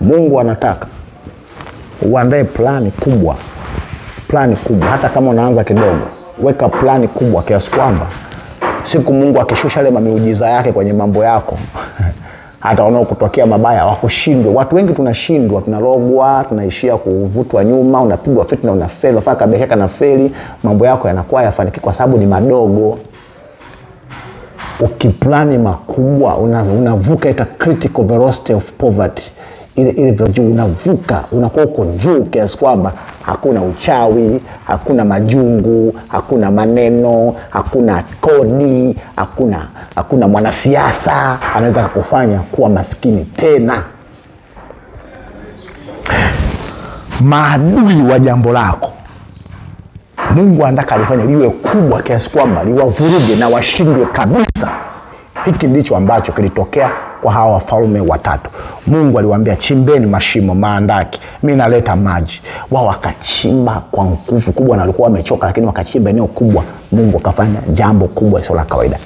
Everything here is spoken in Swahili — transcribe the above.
Mungu anataka uandae plani kubwa, plani kubwa. Hata kama unaanza kidogo, weka plani kubwa kiasi kwamba siku Mungu akishusha ile miujiza yake kwenye mambo yako hata wanaokutokea mabaya wakushindwe. Watu wengi tunashindwa, tunalogwa, tunaishia kuvutwa nyuma, unapigwa fitna, unafeli, unafanya kabeheka na feli, mambo yako yanakuwa yafaniki kwa sababu ni madogo. Ukiplani makubwa, unavuka ita critical velocity of poverty ile ile juu, unavuka unakuwa uko juu kiasi kwamba hakuna uchawi, hakuna majungu, hakuna maneno, hakuna kodi, hakuna hakuna mwanasiasa anaweza kukufanya kuwa maskini tena. Maadui wa jambo lako Mungu anataka alifanya liwe kubwa kiasi kwamba liwavuruge na washindwe kabisa hiki ndicho ambacho kilitokea kwa hawa wafalme watatu. Mungu aliwaambia chimbeni mashimo maandaki, mi naleta maji. Wao wakachimba kwa nguvu kubwa, na walikuwa wamechoka, lakini wakachimba eneo kubwa. Mungu akafanya jambo kubwa, isio la kawaida.